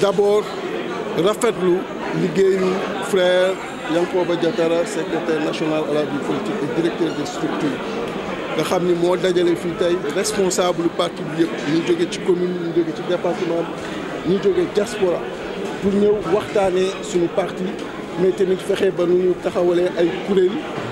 d'abord rafetlu liggéeyu frère Yankoba Diatara secrétaire national à la vie politique et directeur des structures nga xam ni moo dajale fii tey responsable parti bi yëpp ñu jóge ci commune ñu jóge ci département ñu jóge diaspora pour ñëw waxtaanee suñu parti mais tamit fexe ba nu ñu taxawalee ay kuréel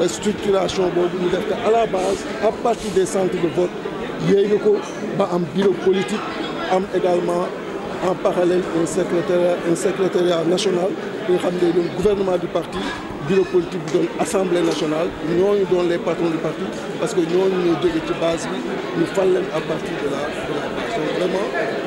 la structuration à la base à partir des centres de vote il y a un bureau politique am également en parallèle un secrétariat un secrétariat national le le gouvernement du parti bureau politique de l'assemblée nationale nous doon les patrons du parti parce que nous avons une ci base nous ñu à partir de la vraiment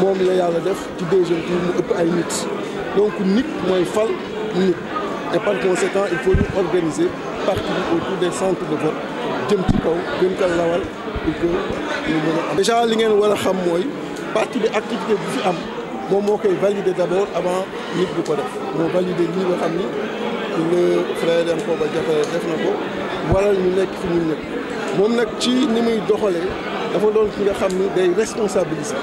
moom la yalla def ci deuxième tour mu upp ay nit donc nit moy fal nit et par conséquent il faut nous organiser partout autour des centres de vote jëm ci kaw gën ko lawal pour que ñu am. déjà li ngeen war xam moy parti bi activité bu fi am moom mo koy valider d'abord avant nit du ko def moo valider lii nga xam ni le frère dem ko ba jafale def na ko waral ñu nekk fi ñu nekk mom nak ci ni muy doxalee dafa doon ki nga xam ni day responsabiliser.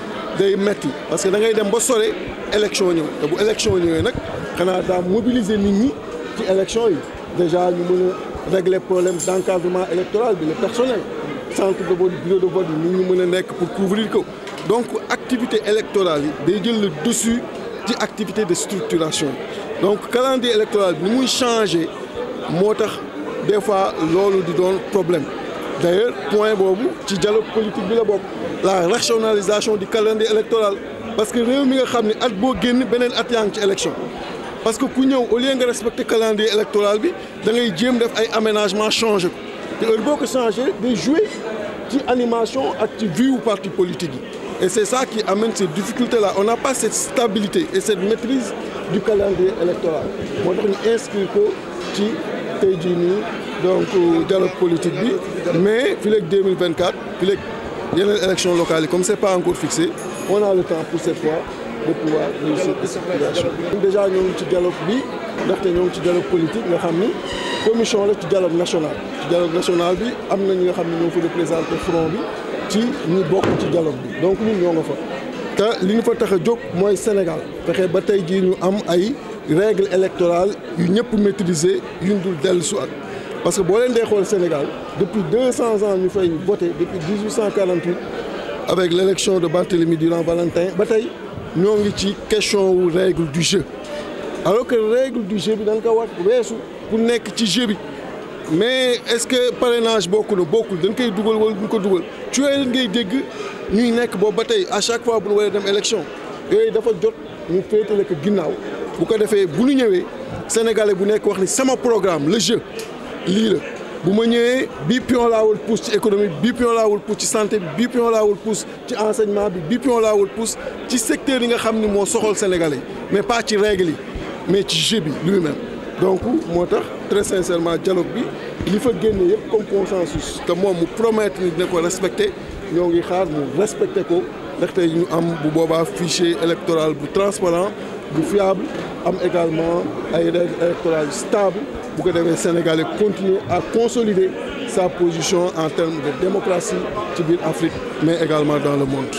metti parce que da ngay dem ba sore élection ñëw te bu élection ñëwee nak xana da mobiliser nit ñi ci élection yi déjà ñu mëna a régler problème d'encadrement électoral bi le personnel centre de vote bureau de vote nit ñi mëna nek pour couvrir ko donc activité électorale yi jël le dessus ci activité de structuration donc calendrier électoral bi muy changé des fois lolu di don problème D'ailleurs, point boobu le dialogue politique bi la la rationalisation du calendrier électoral parce que nous mi nga xam at parce que ku nous, au lieu de respecter calendrier électoral bi da ngay jéem def ay aménagement changé il faut heure boo jouer ci animation ak ci vie parti politique et c'est ça qui amène ces difficultés là on n'a pas cette stabilité et cette maîtrise du calendrier électoral Nous je inscrit ci donc euh, dialogue politique bi mais en 2024 il y a élections locale comme c'est pas encore fixé on a le temps pour cette fois de pouvoir réussir cette situation. déjà nous dialogue bi nous dialogue politique nga famille, commission la dialogue national dialogue national bi Nous ñi nga front bi ci dialogue donc nous, nga fa. te li ñu fa jog Sénégal fexé ba tay nous ñu am ay règles électorales yu maîtriser Nous parce que si vous le Sénégal, depuis 200 ans, nous avons voté, depuis 1848, avec l'élection de Barthélemy durand Valentin, nous avons dit question ou règle du jeu. Alors que les règle du jeu, dans le cas pour ne pas jeu. Mais est-ce que parrainage beaucoup, beaucoup, d'un côté double ou d'un côté double Tu es un gars nous n'avons pas de à chaque fois pour avons une élection. Et il faut nous faisons des Guinao. Vous avez fait, vous n'avez Sénégalais, vous c'est mon programme, le jeu lii Vous bu bipion ñëwee bii pion laa pousse ci économie bii pousse santé bi bii pion laa wul pousse ci enseignement bi bii pousse ci secteur yi nga xam ni moo Sénégalais mais pas ci règle mais ci jeu bi lui-même donc moi, très sincèrement dialogue bi li fa génne yëpp comme consensus te moom mu promettre ni dina ko respecté ñoo ngi xaar nous respecté ko ndaxte ñu am bu boobaa fichier électoral bu transparent bu fiable am également ay électoral stable pour que les sénégalais continue à consolider sa position en termes de démocratie de l'Afrique, mais également dans le monde